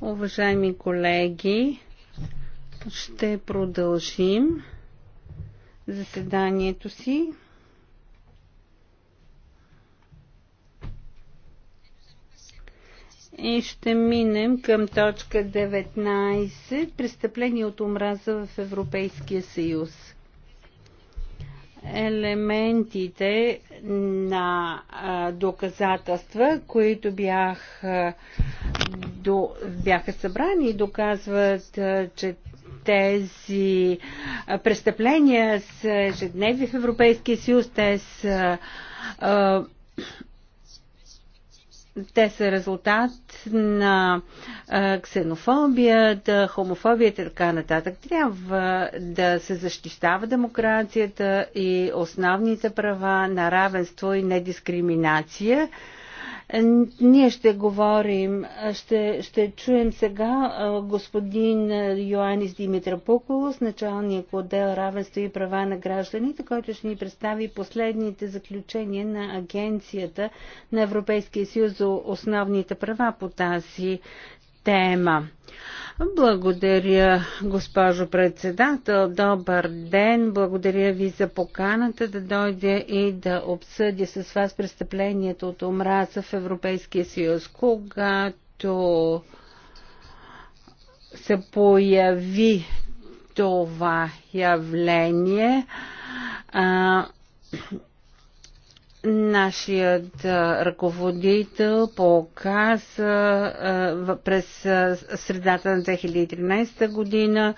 Уважаеми колеги, ще продължим заседанието си. И ще минем към точка 19 престъпление от омраза в Европейския съюз елементите на доказателства, които бях, до, бяха събрани и доказват, че тези престъпления са ежедневни в Европейския съюз, те са те са резултат на ксенофобията, хомофобията и така нататък. Трябва да се защищава демокрацията и основните права на равенство и недискриминация. Ние ще говорим, ще, ще чуем сега господин Йоанис Димитропоколос, началник отдел равенство и права на гражданите, който ще ни представи последните заключения на Агенцията на Европейския съюз за основните права по тази тема. Благодаря, госпожо председател. Добър ден. Благодаря ви за поканата да дойде и да обсъдя с вас престъплението от омраза в Европейския съюз. Когато се появи това явление, а, Нашият ръководител показа през средата на 2013 година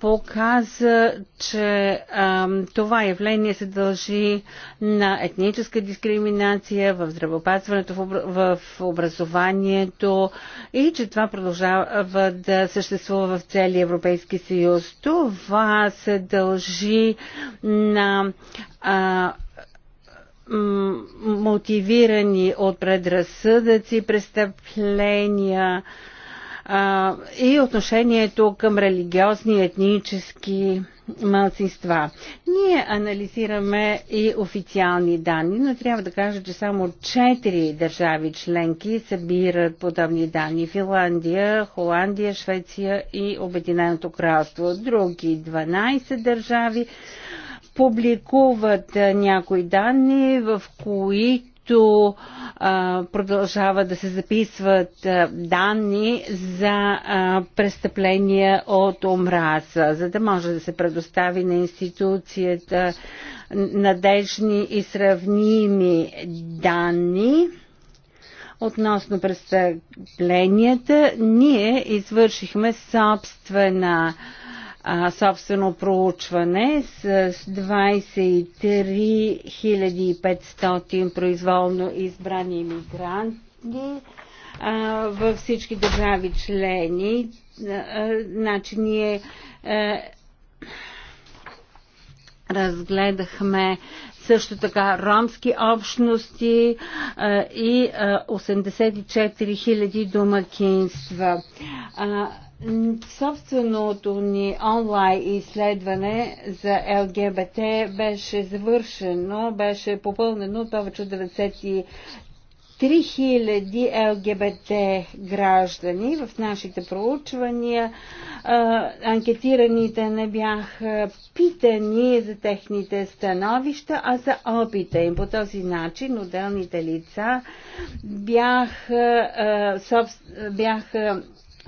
показа, че а, това явление се дължи на етническа дискриминация в здравеопазването, в, в образованието и че това продължава да съществува в целия Европейски съюз. Това се дължи на а, мотивирани от предразсъдъци, престъпления а, и отношението към религиозни и етнически малцинства. Ние анализираме и официални данни, но трябва да кажа, че само 4 държави членки събират подобни данни. Финландия, Холандия, Швеция и Обединеното кралство. Други 12 държави публикуват някои данни, в които а, продължават да се записват а, данни за а, престъпления от омраза, за да може да се предостави на институцията надежни и сравними данни. Относно престъпленията, ние извършихме собствена а, а, собствено проучване с 23 500 произволно избрани иммигранти във всички държави члени. А, значи ние а, разгледахме също така ромски общности а, и а, 84 000 домакинства. А, Собственото ни онлайн изследване за ЛГБТ беше завършено, беше попълнено повече от 93 3000 ЛГБТ граждани в нашите проучвания. Анкетираните не бяха питани за техните становища, а за опита им. По този начин отделните лица бяха, бяха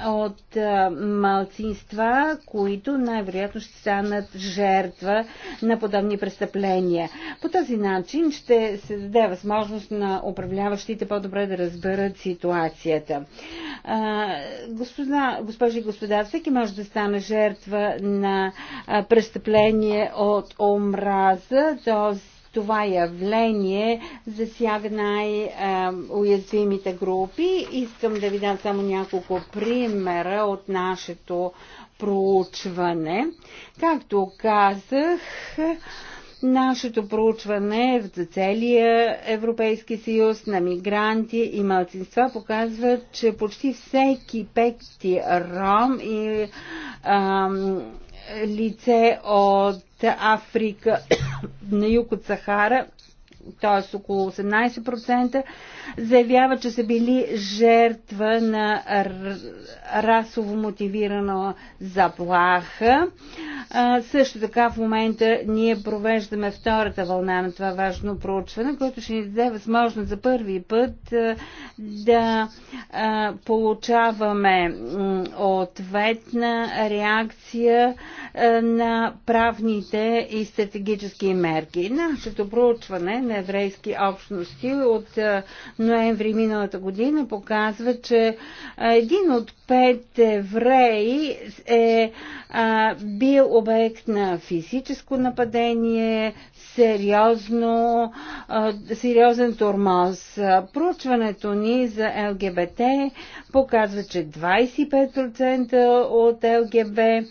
от малцинства, които най-вероятно ще станат жертва на подобни престъпления. По този начин ще се даде възможност на управляващите по-добре да разберат ситуацията. Господа, госпожи и господа, всеки може да стане жертва на престъпление от омраза. Този това явление засяга най-уязвимите групи. Искам да ви дам само няколко примера от нашето проучване. Както казах, Нашето проучване е за целия Европейски съюз на мигранти и малцинства показва, че почти всеки пекти ром и ам, лице от Африка на юг от Сахара т.е. около 18%, заявява, че са били жертва на расово мотивирана заплаха. Също така в момента ние провеждаме втората вълна на това важно проучване, което ще ни даде възможност за първи път да получаваме ответна реакция на правните и стратегически мерки. Нашето проучване на еврейски общности от ноември миналата година показва, че един от пет евреи е бил обект на физическо нападение, сериозно, сериозен тормоз. Проучването ни за ЛГБТ показва, че 25% от ЛГБ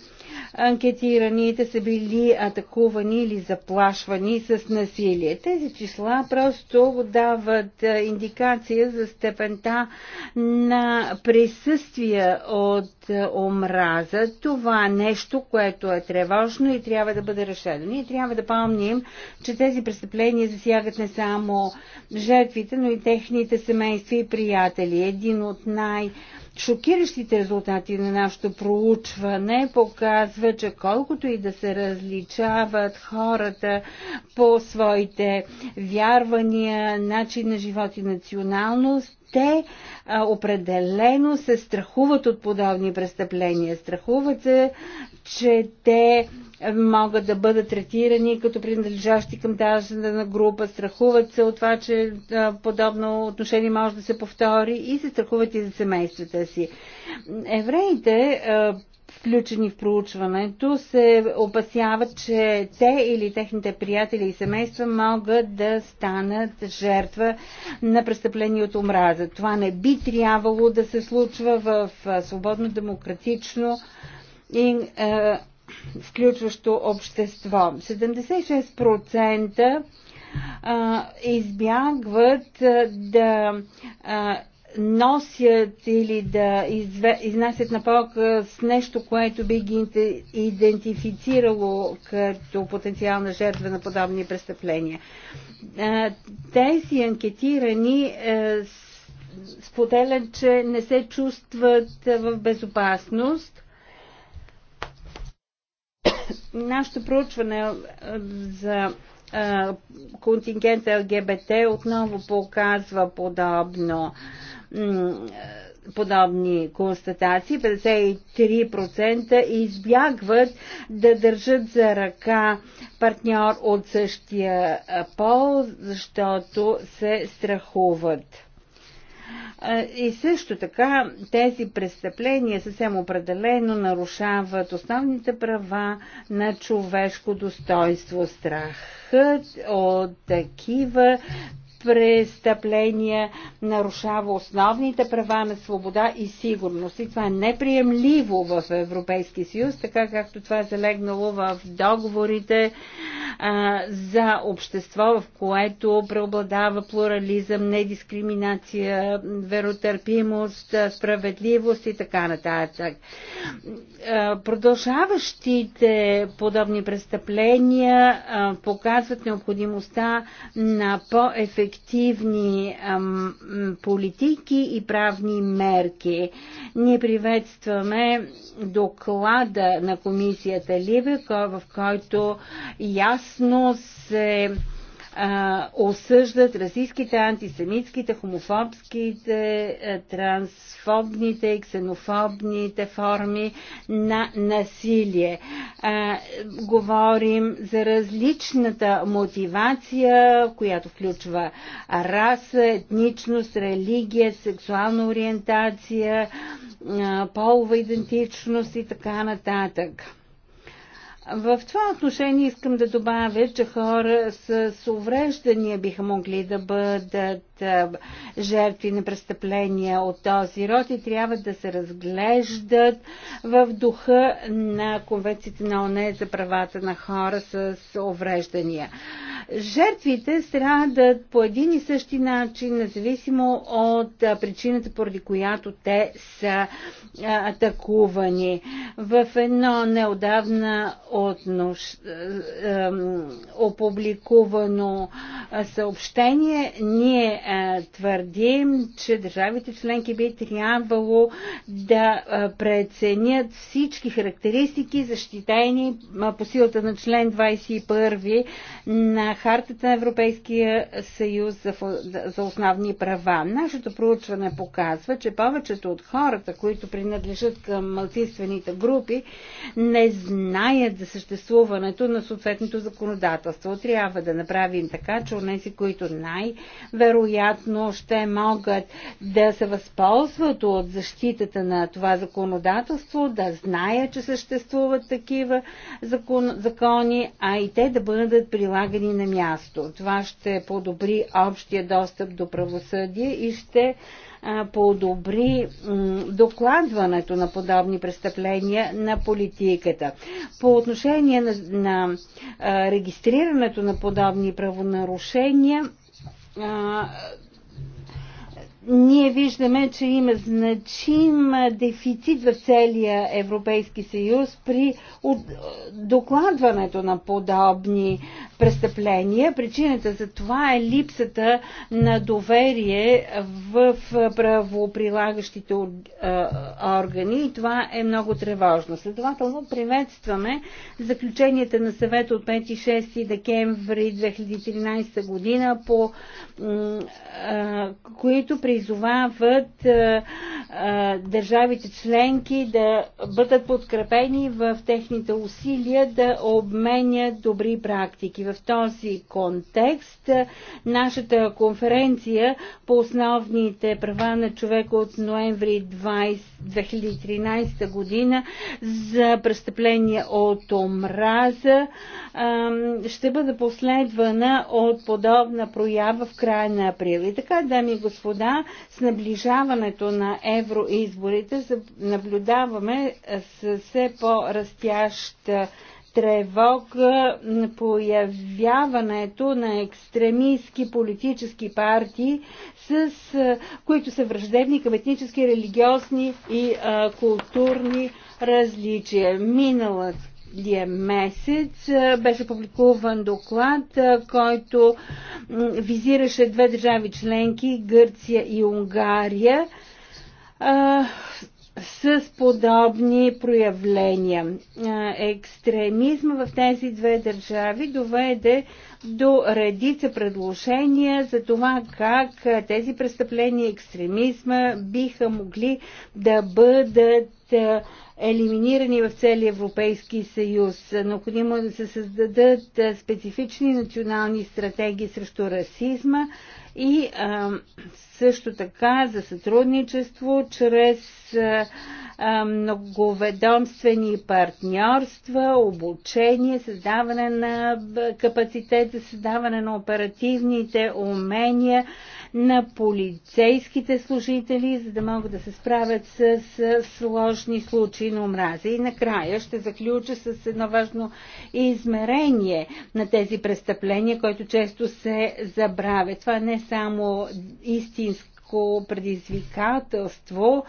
анкетираните са били атакувани или заплашвани с насилие. Тези числа просто дават индикация за степента на присъствие от омраза. Това е нещо, което е тревожно и трябва да бъде решено. Ние трябва да помним, че тези престъпления засягат не само жертвите, но и техните семейства и приятели. Един от най- Шокиращите резултати на нашето проучване показва, че колкото и да се различават хората по своите вярвания, начин на живот и националност, те а, определено се страхуват от подобни престъпления. Страхуват се, че те могат да бъдат третирани като принадлежащи към тази група, страхуват се от това, че а, подобно отношение може да се повтори и се страхуват и за семействата си. Евреите а, включени в проучването, се опасяват, че те или техните приятели и семейства могат да станат жертва на престъпление от омраза. Това не би трябвало да се случва в свободно, демократично и е, включващо общество. 76% избягват да носят или да изве, изнасят на показ нещо, което би ги идентифицирало като потенциална жертва на подобни престъпления. Тези анкетирани споделят, че не се чувстват в безопасност. Нашето проучване за контингент ЛГБТ отново показва подобно подобни констатации. 53% избягват да държат за ръка партньор от същия пол, защото се страхуват. И също така тези престъпления съвсем определено нарушават основните права на човешко достоинство. Страхът от такива престъпления, нарушава основните права на свобода и сигурност. И това е неприемливо в Европейския съюз, така както това е залегнало в договорите а, за общество, в което преобладава плурализъм, недискриминация, веротърпимост, справедливост и така нататък. А, продължаващите подобни престъпления а, показват необходимостта на по ефективност ефективни ам, политики и правни мерки. Ние приветстваме доклада на комисията Ливе, в който ясно се а, осъждат расистските, антисемитските, хомофобските, трансфобните и ксенофобните форми на насилие. А, говорим за различната мотивация, която включва раса, етничност, религия, сексуална ориентация, а, полова идентичност и така нататък. В това отношение искам да добавя, че хора с увреждания биха могли да бъдат жертви на престъпления от този род и трябва да се разглеждат в духа на Конвенцията на ОНЕ за правата на хора с увреждания. Жертвите страдат по един и същи начин, независимо от причината, поради която те са атакувани. В едно неодавна отнош... опубликувано съобщение ние твърдим, че държавите членки би трябвало да преценят всички характеристики, защитени по силата на член 21 на Хартата на Европейския съюз за, за основни права. Нашето проучване показва, че повечето от хората, които принадлежат към малцинствените групи, не знаят за съществуването на съответното законодателство. Трябва да направим така, че онези, които най-вероятно ще могат да се възползват от защитата на това законодателство, да знаят, че съществуват такива закон, закони, а и те да бъдат прилагани на място. Това ще подобри общия достъп до правосъдие и ще подобри докладването на подобни престъпления на политиката. По отношение на, на регистрирането на подобни правонарушения, ние виждаме, че има значим дефицит в целия Европейски съюз при докладването на подобни престъпления. Причината за това е липсата на доверие в правоприлагащите органи и това е много тревожно. Следователно приветстваме заключенията на съвета от 5 6 декември 2013 година, по които при призовават а, а, държавите членки да бъдат подкрепени в техните усилия да обменят добри практики. В този контекст нашата конференция по основните права на човека от ноември 20, 2013 година за престъпление от омраза а, ще бъде последвана от подобна проява в края на април. И така, дами и господа, с наближаването на евроизборите наблюдаваме с все по-растящ тревога появяването на екстремистски политически партии, с, които са враждебни към етнически, религиозни и а, културни различия. Миналата миналия е месец беше публикуван доклад, който визираше две държави членки Гърция и Унгария с подобни проявления. Екстремизма в тези две държави доведе до редица предложения за това как тези престъпления и екстремизма биха могли да бъдат елиминирани в целия Европейски съюз. Необходимо е да се създадат специфични национални стратегии срещу расизма и а, също така за сътрудничество чрез а, многоведомствени партньорства, обучение, създаване на капацитет за създаване на оперативните умения на полицейските служители, за да могат да се справят с, с сложни случаи на омраза. И накрая ще заключа с едно важно измерение на тези престъпления, което често се забравя. Това не е само истинска истинско предизвикателство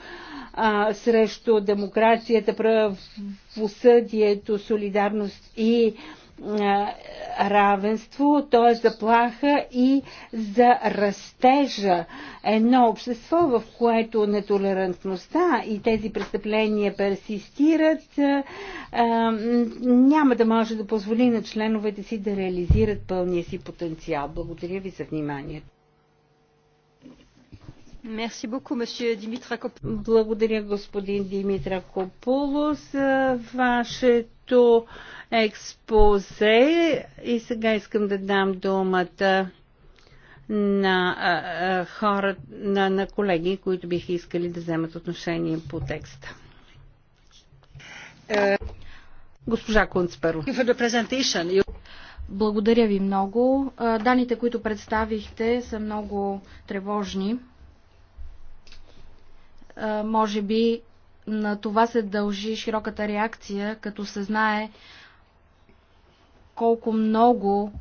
а, срещу демокрацията, правосъдието, солидарност и равенство, то е заплаха и за растежа. Едно общество, в което нетолерантността и тези престъпления персистират, няма да може да позволи на членовете си да реализират пълния си потенциал. Благодаря ви за вниманието. Благодаря, господин Димитра Копуло, за вашето експозе. И сега искам да дам думата на хора, на, на колеги, които бих искали да вземат отношение по текста. Е, Госпожа Кунцперо. Благодаря ви много. Даните, които представихте, са много тревожни. Може би на това се дължи широката реакция, като се знае колко много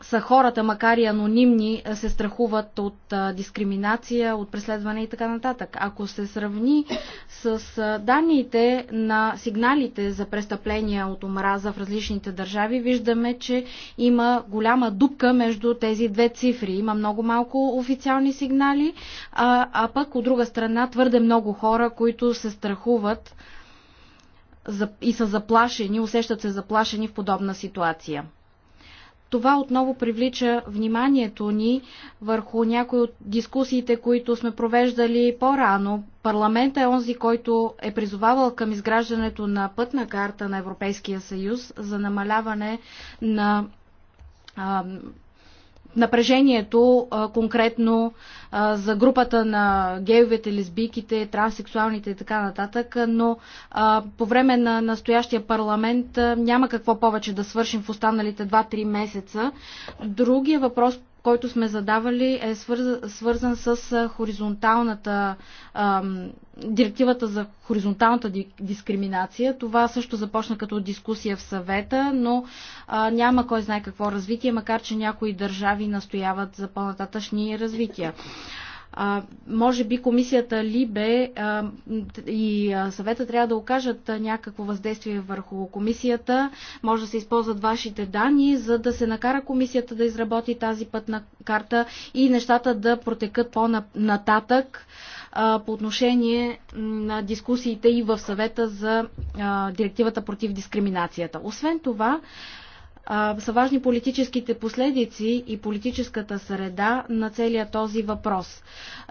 са хората, макар и анонимни, е, се страхуват от е, дискриминация, от преследване и така нататък. Ако се сравни с е, данните на сигналите за престъпления от омраза в различните държави, виждаме, че има голяма дупка между тези две цифри. Има много малко официални сигнали, а, а пък от друга страна твърде много хора, които се страхуват и са заплашени, усещат се заплашени в подобна ситуация това отново привлича вниманието ни върху някои от дискусиите, които сме провеждали по-рано. Парламентът е онзи, който е призовавал към изграждането на пътна карта на Европейския съюз за намаляване на напрежението а, конкретно а, за групата на геовете, лесбийките, транссексуалните и така нататък, но а, по време на настоящия парламент а, няма какво повече да свършим в останалите 2-3 месеца. Другия въпрос, който сме задавали, е свързан, с хоризонталната директивата за хоризонталната дискриминация. Това също започна като дискусия в съвета, но няма кой знае какво развитие, макар че някои държави настояват за по-нататъчни развития. А, може би комисията Либе а, и а, съвета трябва да окажат някакво въздействие върху комисията. Може да се използват вашите данни, за да се накара комисията да изработи тази пътна карта и нещата да протекат по-нататък по отношение на дискусиите и в съвета за директивата против дискриминацията. Освен това, а, са важни политическите последици и политическата среда на целия този въпрос.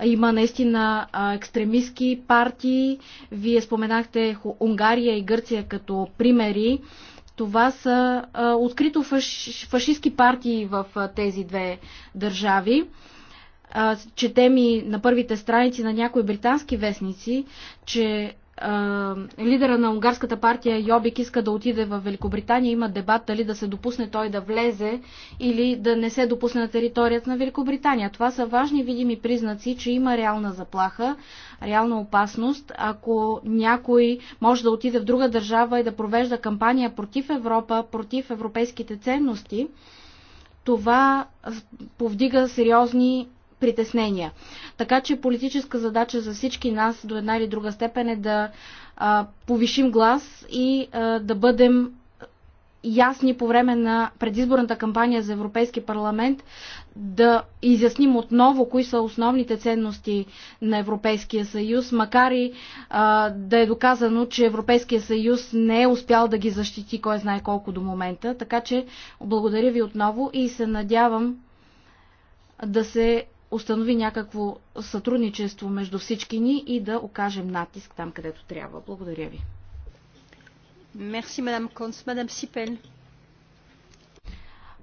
Има наистина екстремистски партии. Вие споменахте Унгария и Гърция като примери. Това са а, открито фаш, фашистски партии в а, тези две държави четем и на първите страници на някои британски вестници, че лидера на унгарската партия Йобик иска да отиде в Великобритания. Има дебат дали да се допусне той да влезе или да не се допусне на територията на Великобритания. Това са важни видими признаци, че има реална заплаха, реална опасност. Ако някой може да отиде в друга държава и да провежда кампания против Европа, против европейските ценности, това повдига сериозни притеснения. Така че политическа задача за всички нас до една или друга степен е да а, повишим глас и а, да бъдем ясни по време на предизборната кампания за Европейски парламент да изясним отново кои са основните ценности на Европейския съюз, макар и а, да е доказано, че Европейския съюз не е успял да ги защити кой знае колко до момента. Така че благодаря ви отново и се надявам да се установи някакво сътрудничество между всички ни и да окажем натиск там, където трябва. Благодаря ви. Мерси, мадам Конс. Мадам Сипен.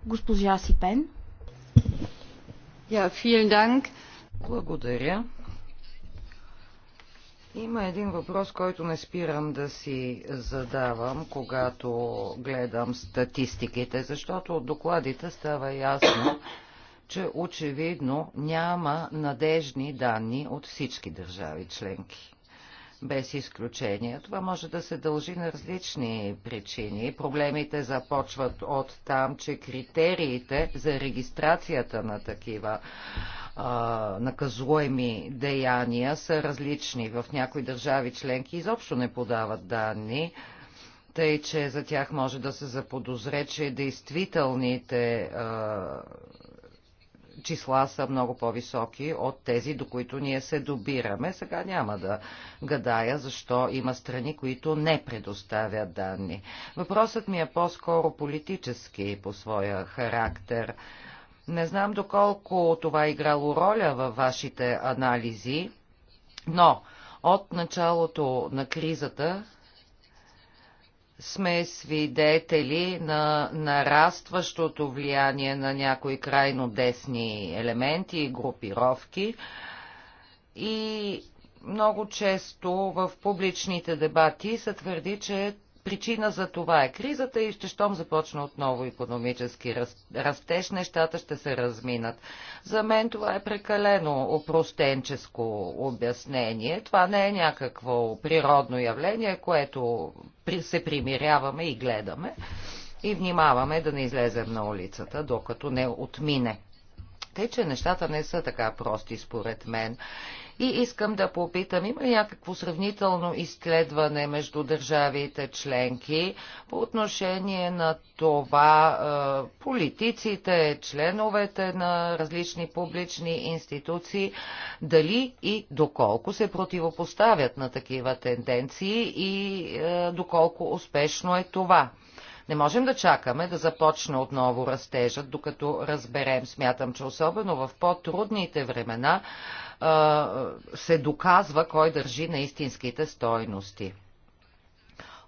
Госпожа Сипен. Я, yeah, данк. Благодаря. Има един въпрос, който не спирам да си задавам, когато гледам статистиките, защото от докладите става ясно, че очевидно няма надежни данни от всички държави членки. Без изключение. Това може да се дължи на различни причини. Проблемите започват от там, че критериите за регистрацията на такива а, наказуеми деяния са различни. В някои държави членки изобщо не подават данни тъй че за тях може да се заподозре, че действителните а, числа са много по-високи от тези, до които ние се добираме. Сега няма да гадая защо има страни, които не предоставят данни. Въпросът ми е по-скоро политически по своя характер. Не знам доколко това е играло роля във вашите анализи, но от началото на кризата сме свидетели на нарастващото влияние на някои крайно десни елементи и групировки и много често в публичните дебати се твърди, че причина за това е кризата и ще щом започна отново економически растеж, нещата ще се разминат. За мен това е прекалено опростенческо обяснение. Това не е някакво природно явление, което се примиряваме и гледаме и внимаваме да не излезем на улицата, докато не отмине. Тъй, че нещата не са така прости, според мен. И искам да попитам, има ли някакво сравнително изследване между държавите членки по отношение на това е, политиците, членовете на различни публични институции, дали и доколко се противопоставят на такива тенденции и е, доколко успешно е това? Не можем да чакаме да започне отново растежът, докато разберем. Смятам, че особено в по-трудните времена се доказва кой държи на истинските стойности.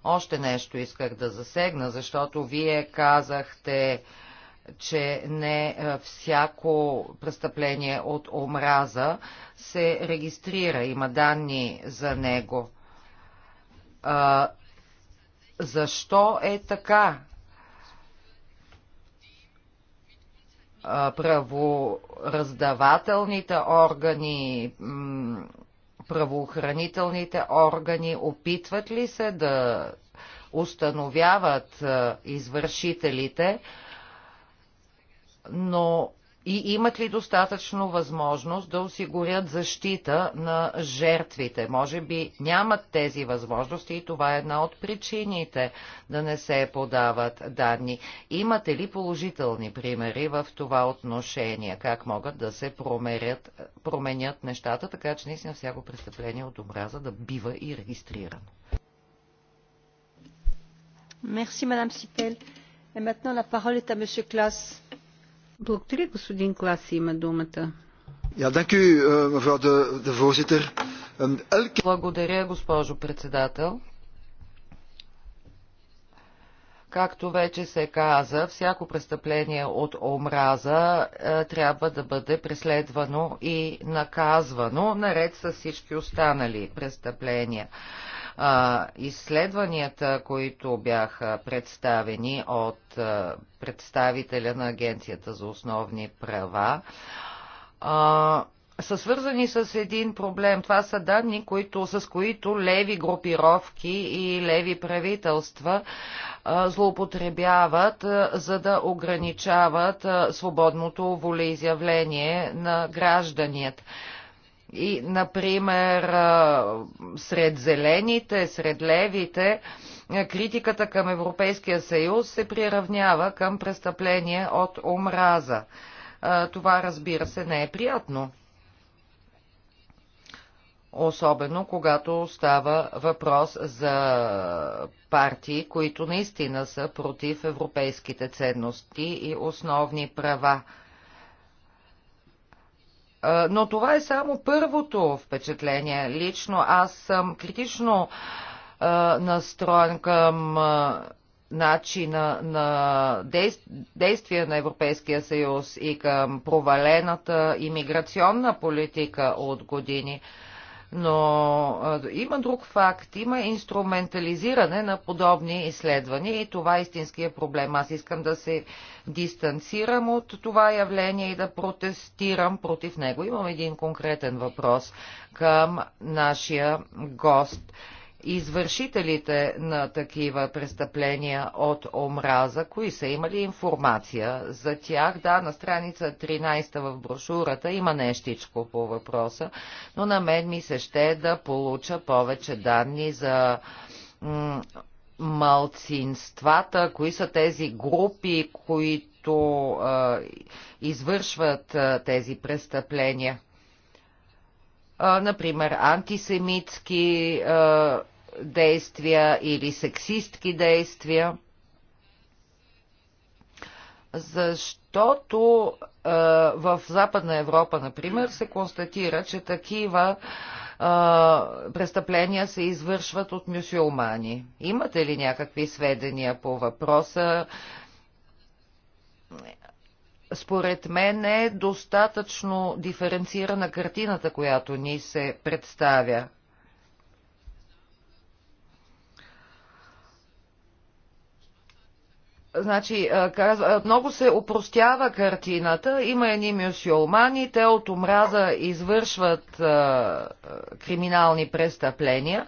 Още нещо исках да засегна, защото вие казахте, че не всяко престъпление от омраза се регистрира, има данни за него. Защо е така? Правораздавателните органи, правоохранителните органи опитват ли се да установяват извършителите, но и имат ли достатъчно възможност да осигурят защита на жертвите? Може би нямат тези възможности и това е една от причините да не се подават данни. Имате ли положителни примери в това отношение? Как могат да се промерят, променят нещата, така че наистина всяко престъпление от образа да бива и регистрирано? Мерси, мадам Sipel. Et maintenant, la parole est à Monsieur благодаря, господин Клас, има думата. Eh, ehm, Благодаря, госпожо председател. Както вече се каза, всяко престъпление от омраза е, трябва да бъде преследвано и наказвано, наред с всички останали престъпления. А, изследванията, които бяха представени от а, представителя на Агенцията за основни права, а, са свързани с един проблем. Това са данни, които, с които леви групировки и леви правителства а, злоупотребяват, а, за да ограничават а, свободното волеизявление на гражданият. И, например, сред зелените, сред левите, критиката към Европейския съюз се приравнява към престъпление от омраза. Това, разбира се, не е приятно. Особено когато става въпрос за партии, които наистина са против европейските ценности и основни права. Но това е само първото впечатление. Лично аз съм критично настроен към начина на действие на Европейския съюз и към провалената имиграционна политика от години. Но а, има друг факт, има инструментализиране на подобни изследвания и това е истинския проблем. Аз искам да се дистанцирам от това явление и да протестирам против него. Имам един конкретен въпрос към нашия гост извършителите на такива престъпления от омраза, кои са имали информация за тях. Да, на страница 13 в брошурата има нещичко по въпроса, но на мен ми се ще да получа повече данни за малцинствата, кои са тези групи, които а, извършват а, тези престъпления например, антисемитски действия или сексистки действия, защото е, в Западна Европа, например, се констатира, че такива е, престъпления се извършват от мюсюлмани. Имате ли някакви сведения по въпроса? Според мен е достатъчно диференцирана картината, която ни се представя. Значи, казва, много се опростява картината. Има едни мюсюлмани, те от омраза извършват а, криминални престъпления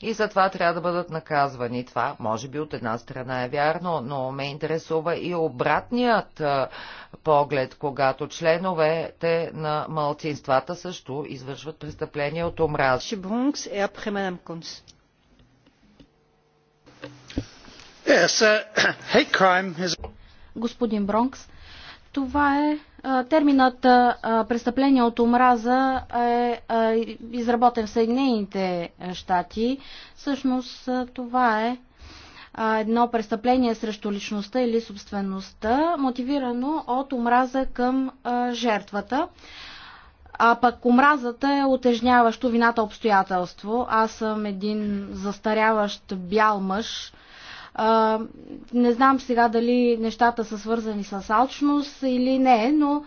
и за това трябва да бъдат наказвани. Това може би от една страна е вярно, но ме интересува и обратният а, поглед, когато членовете на малцинствата също извършват престъпления от омраза. Uh, Господин Бронкс, това е терминът престъпление от омраза е изработен в Съединените щати. Всъщност това е едно престъпление срещу личността или собствеността, мотивирано от омраза към жертвата. А пък омразата е отежняващо вината обстоятелство. Аз съм един застаряващ бял мъж, а, не знам сега дали нещата са свързани с алчност или не, но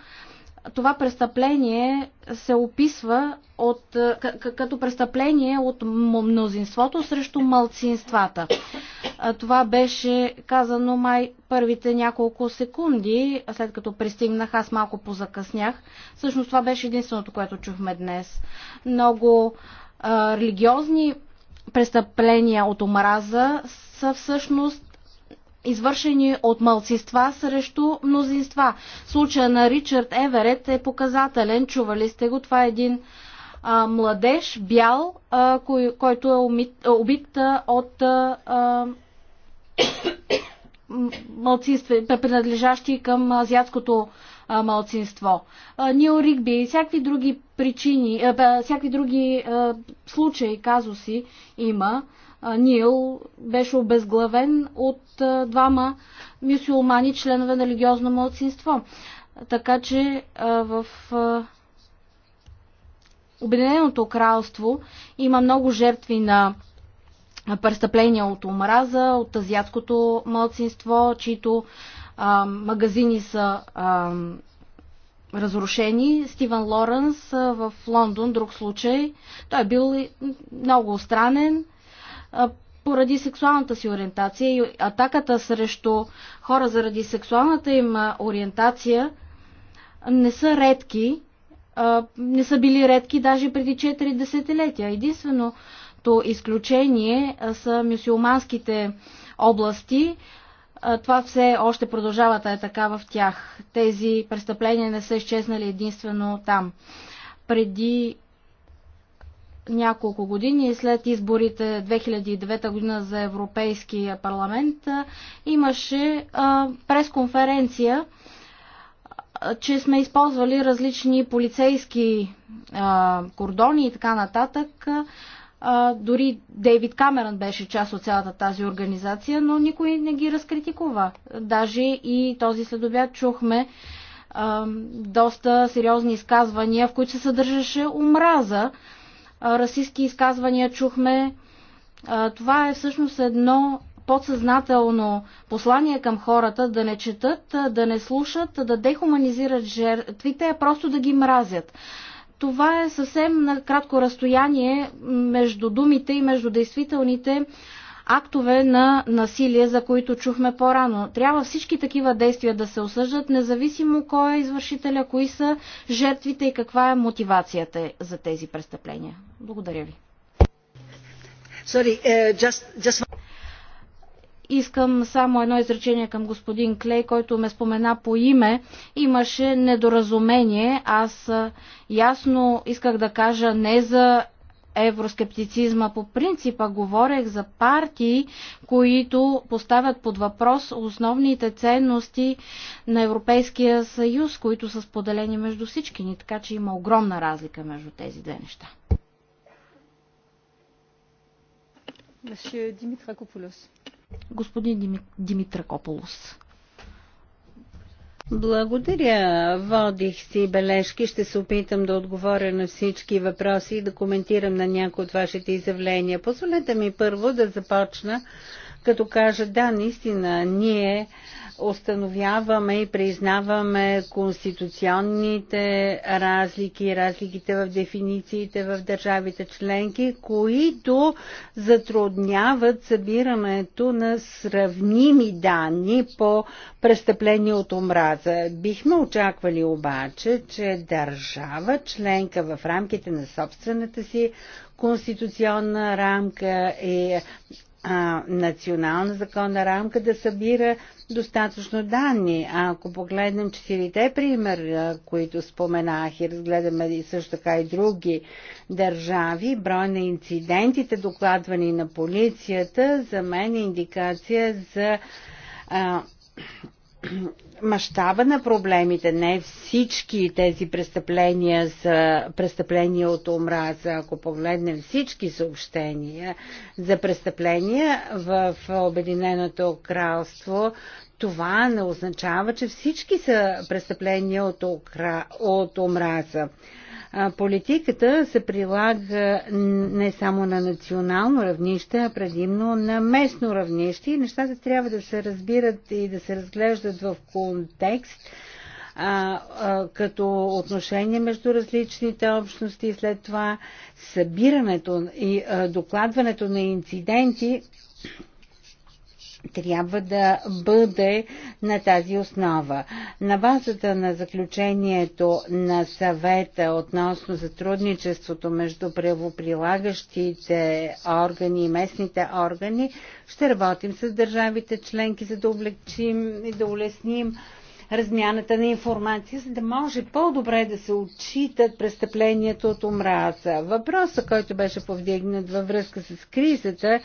това престъпление се описва от, като престъпление от мнозинството срещу малцинствата. Това беше казано май първите няколко секунди, след като пристигнах, аз малко позакъснях. Всъщност това беше единственото, което чухме днес. Много религиозни престъпления от омраза са всъщност извършени от малцинства срещу мнозинства. Случая на Ричард Еверет е показателен. Чували сте го. Това е един а, младеж, бял, а, кой, който е убит а, от а, малцинства, принадлежащи към азиатското малцинство. Нил Ригби и всякакви други причини, всякакви други случаи, казуси има. Нил беше обезглавен от двама мюсюлмани, членове на религиозно малцинство. Така че в Обединеното кралство има много жертви на престъпления от омраза, от азиатското младсинство, чието а, магазини са а, разрушени. Стивен Лоренс в Лондон, друг случай, той е бил много странен поради сексуалната си ориентация и атаката срещу хора заради сексуалната им ориентация не са редки, не са били редки даже преди 4 десетилетия. Единственото изключение са мюсюлманските области, това все още продължава да е така в тях. Тези престъпления не са изчезнали единствено там. Преди няколко години след изборите 2009 година за Европейския парламент имаше пресконференция, че сме използвали различни полицейски кордони и така нататък а, дори Дейвид Камерън беше част от цялата тази организация, но никой не ги разкритикува. Даже и този следобед чухме а, доста сериозни изказвания, в които се съдържаше омраза. расистски изказвания чухме. А, това е всъщност едно подсъзнателно послание към хората да не четат, да не слушат, да дехуманизират жертвите, а просто да ги мразят. Това е съвсем на кратко разстояние между думите и между действителните актове на насилие, за които чухме по-рано. Трябва всички такива действия да се осъждат, независимо кой е извършителя, кои са жертвите и каква е мотивацията за тези престъпления. Благодаря ви. Sorry, uh, just, just... Искам само едно изречение към господин Клей, който ме спомена по име. Имаше недоразумение. Аз ясно исках да кажа не за евроскептицизма. По принципа говорех за партии, които поставят под въпрос основните ценности на Европейския съюз, които са споделени между всички ни, така че има огромна разлика между тези две неща. Dimitra Koupoulos. Господин Димитра Кополос. Благодаря. Водих си бележки. Ще се опитам да отговоря на всички въпроси и да коментирам на някои от вашите изявления. Позволете ми първо да започна като кажа, да, наистина, ние установяваме и признаваме конституционните разлики, разликите в дефинициите в държавите членки, които затрудняват събирането на сравними данни по престъпление от омраза. Бихме очаквали обаче, че държава членка в рамките на собствената си конституционна рамка и е а, национална законна рамка да събира достатъчно данни. А ако погледнем четирите примера, които споменах и разгледаме и също така и други държави, брой на инцидентите, докладвани на полицията, за мен е индикация за а, мащаба на проблемите. Не всички тези престъпления са престъпления от омраза. Ако погледнем всички съобщения за престъпления в Обединеното кралство, това не означава, че всички са престъпления от, окра... от омраза. Политиката се прилага не само на национално равнище, а предимно на местно равнище и нещата трябва да се разбират и да се разглеждат в контекст а, а, като отношение между различните общности и след това събирането и а, докладването на инциденти трябва да бъде на тази основа. На базата на заключението на съвета относно сътрудничеството между правоприлагащите органи и местните органи, ще работим с държавите членки, за да облегчим и да улесним размяната на информация, за да може по-добре да се отчитат престъпленията от омраза. Въпросът, който беше повдигнат във връзка с кризата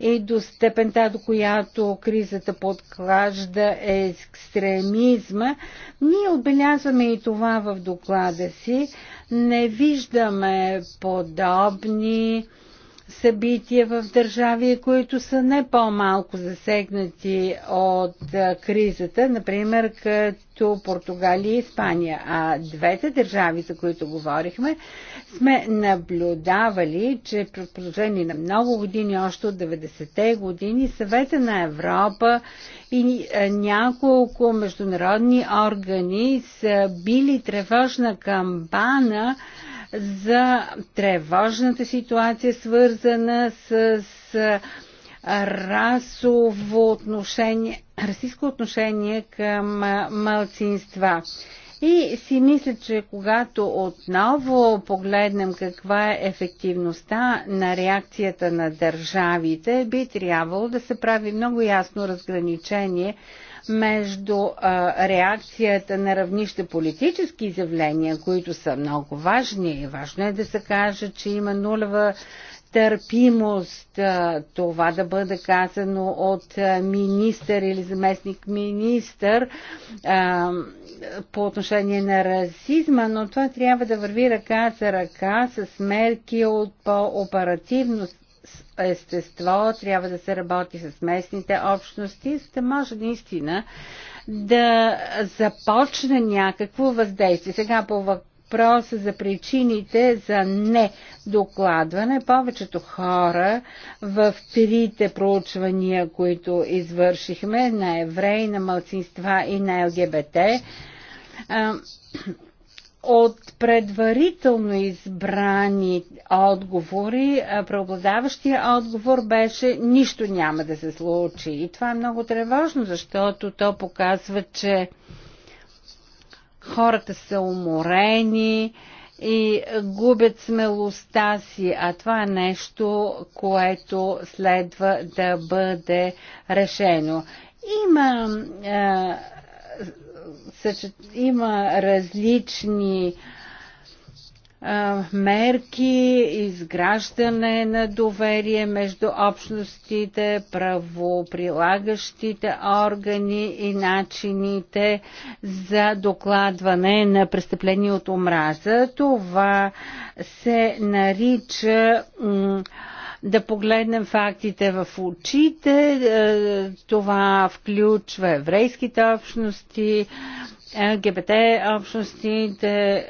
и до степента, до която кризата подклажда екстремизма, ние отбелязваме и това в доклада си. Не виждаме подобни събития в държави, които са не по-малко засегнати от кризата, например като Португалия и Испания. А двете държави, за които говорихме, сме наблюдавали, че в продължение на много години, още от 90-те години, съвета на Европа и няколко международни органи са били тревожна кампана за тревожната ситуация, свързана с расово отношение, расистско отношение към малцинства. И си мисля, че когато отново погледнем каква е ефективността на реакцията на държавите, би трябвало да се прави много ясно разграничение между а, реакцията на равнище политически изявления, които са много важни и важно е да се каже, че има нулева търпимост това да бъде казано от министър или заместник министър по отношение на расизма, но това трябва да върви ръка за ръка с мерки от по-оперативност естество, трябва да се работи с местните общности, за да може наистина да започне някакво въздействие. Сега по въпроса за причините за недокладване. Повечето хора в трите проучвания, които извършихме на евреи, на мълцинства и на ЛГБТ, от предварително избрани отговори, преобладаващия отговор беше нищо няма да се случи. И това е много тревожно, защото то показва, че хората са уморени и губят смелостта си, а това е нещо, което следва да бъде решено. Има е, има различни мерки, изграждане на доверие между общностите, правоприлагащите органи и начините за докладване на престъпления от омраза. Това се нарича да погледнем фактите в очите. Е, това включва еврейските общности, ЛГБТ общностите,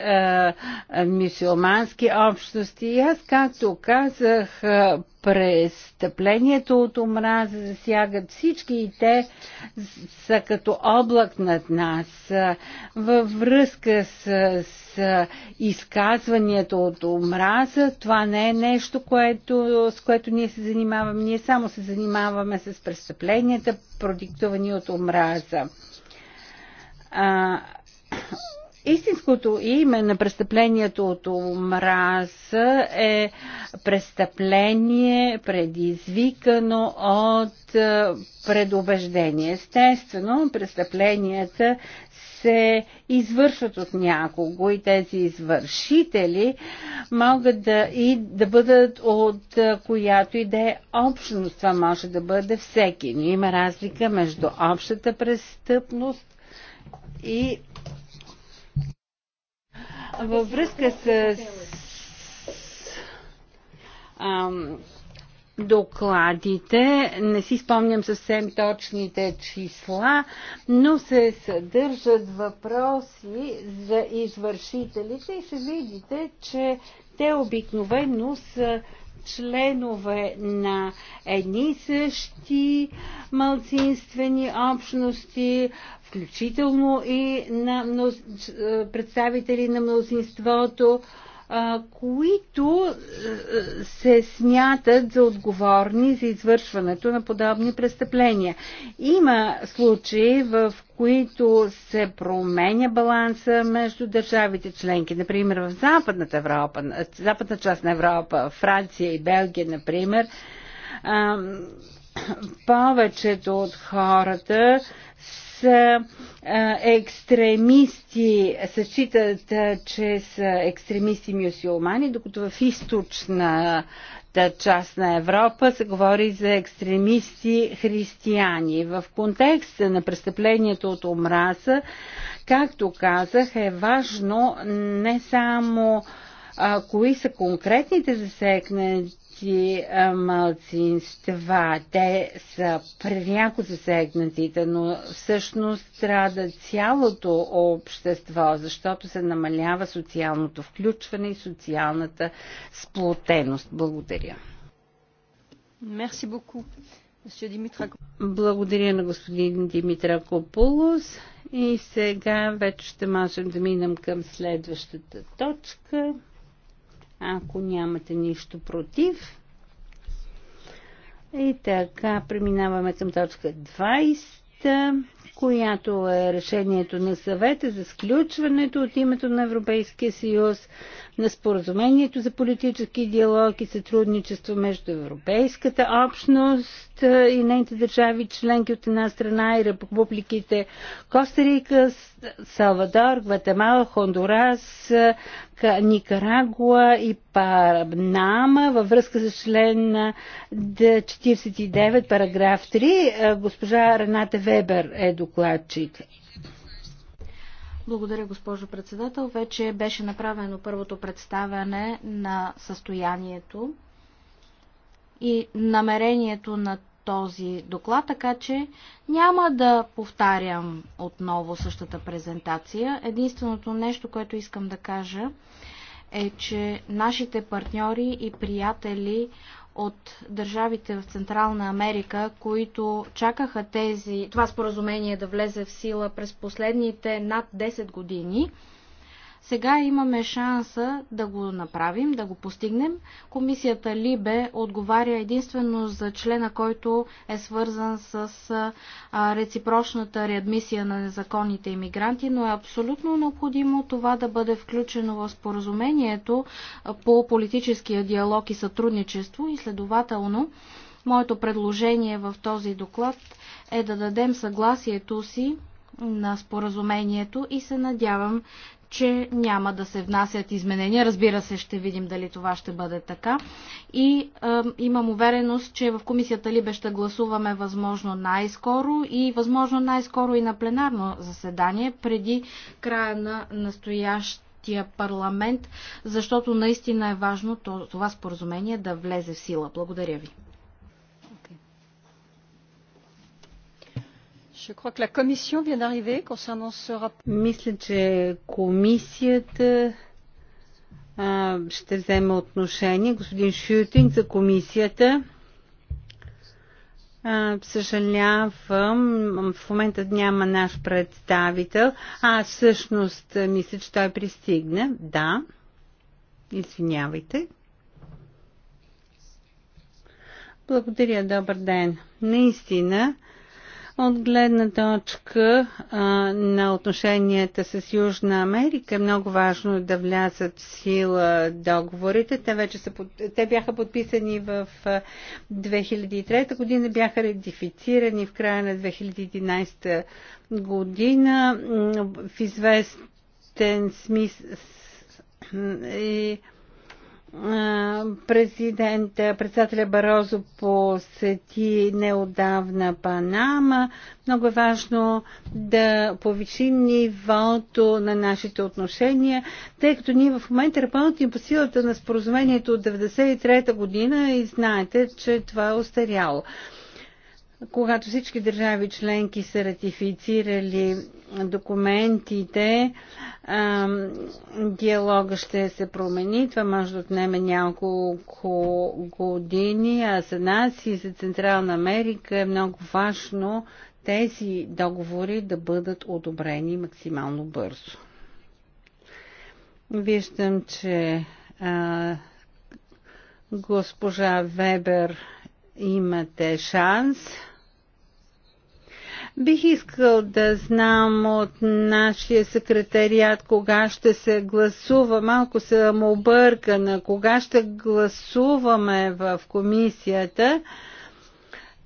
е, мисиомански общности. И аз, както казах, е, престъплението от омраза засягат всички и те са като облак над нас. Във връзка с, с изказването от омраза, това не е нещо, което, с което ние се занимаваме. Ние само се занимаваме с престъпленията, продиктовани от омраза истинското име на престъплението от омраза е престъпление предизвикано от предубеждение. Естествено, престъпленията се извършват от някого и тези извършители могат да, и да бъдат от която и да е общност. Това може да бъде всеки. Но има разлика между общата престъпност и във връзка с ам, докладите, не си спомням съвсем точните числа, но се съдържат въпроси за извършителите и ще видите, че те обикновено са членове на едни същи малцинствени общности, включително и на представители на мнозинството които се смятат за отговорни за извършването на подобни престъпления. Има случаи, в които се променя баланса между държавите членки. Например, в Западната Европа, Западна част на Европа, Франция и Белгия, например, повечето от хората са екстремисти, съчитат, че са екстремисти мюсюлмани, докато в източна част на Европа се говори за екстремисти християни. В контекста на престъплението от омраза, както казах, е важно не само а, кои са конкретните засегнати тези малцинства. Те са пряко засегнатите, но всъщност страда цялото общество, защото се намалява социалното включване и социалната сплотеност. Благодаря. Благодаря на господин Димитра Копулос. И сега вече ще можем да минем към следващата точка ако нямате нищо против. И така, преминаваме към точка 20, която е решението на съвета за сключването от името на Европейския съюз на споразумението за политически диалог и сътрудничество между Европейската общност и нейните държави членки от една страна и републиките Коста Рика, Салвадор, Гватемала, Хондурас, Никарагуа и Панама във връзка с член 49, параграф 3. Е, госпожа Рената Вебер е докладчик. Благодаря, госпожо председател. Вече беше направено първото представяне на състоянието и намерението на този доклад, така че няма да повтарям отново същата презентация. Единственото нещо, което искам да кажа е, че нашите партньори и приятели от държавите в Централна Америка, които чакаха тези, това споразумение да влезе в сила през последните над 10 години, сега имаме шанса да го направим, да го постигнем. Комисията Либе отговаря единствено за члена, който е свързан с реципрочната реадмисия на незаконните иммигранти, но е абсолютно необходимо това да бъде включено в споразумението по политическия диалог и сътрудничество и следователно Моето предложение в този доклад е да дадем съгласието си на споразумението и се надявам, че няма да се внасят изменения. Разбира се, ще видим дали това ще бъде така. И е, имам увереност, че в комисията Либе ще гласуваме възможно най-скоро и възможно най-скоро и на пленарно заседание преди края на настоящ парламент, защото наистина е важно това споразумение да влезе в сила. Благодаря ви. Мисля, че комисията а, ще вземе отношение. Господин Шютинг за комисията. А, съжалявам, в момента няма наш представител. А, всъщност, мисля, че той пристигне. Да. Извинявайте. Благодаря, добър ден. Наистина, от гледна точка а, на отношенията с Южна Америка е много важно да влязат в сила договорите. Те, вече са, те бяха подписани в 2003 година, бяха редифицирани в края на 2011 година в известен смисъл и президента, председателя Барозо посети неодавна Панама. Много е важно да повишим нивото на нашите отношения, тъй като ние в момента работим по силата на споразумението от 1993 година и знаете, че това е остаряло когато всички държави членки са ратифицирали документите, диалога ще се промени. Това може да отнеме няколко години, а за нас и за Централна Америка е много важно тези договори да бъдат одобрени максимално бързо. Виждам, че а, госпожа Вебер имате шанс. Бих искал да знам от нашия секретариат кога ще се гласува. Малко съм объркана. Кога ще гласуваме в комисията?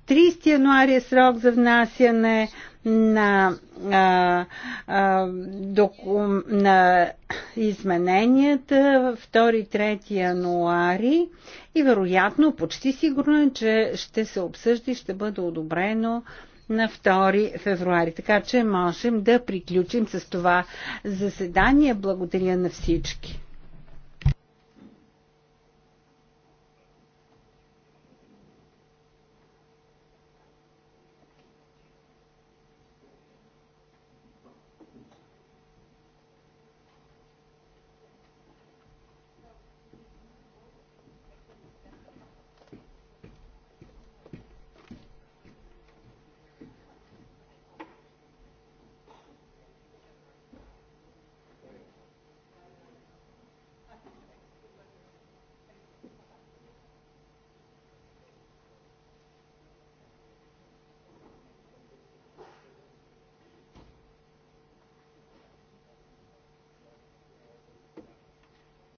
30 януари е срок за внасяне на, а, а, доку, на измененията 2-3 януари и вероятно, почти сигурно е, че ще се обсъжда и ще бъде одобрено на 2 февруари. Така че можем да приключим с това заседание. Благодаря на всички.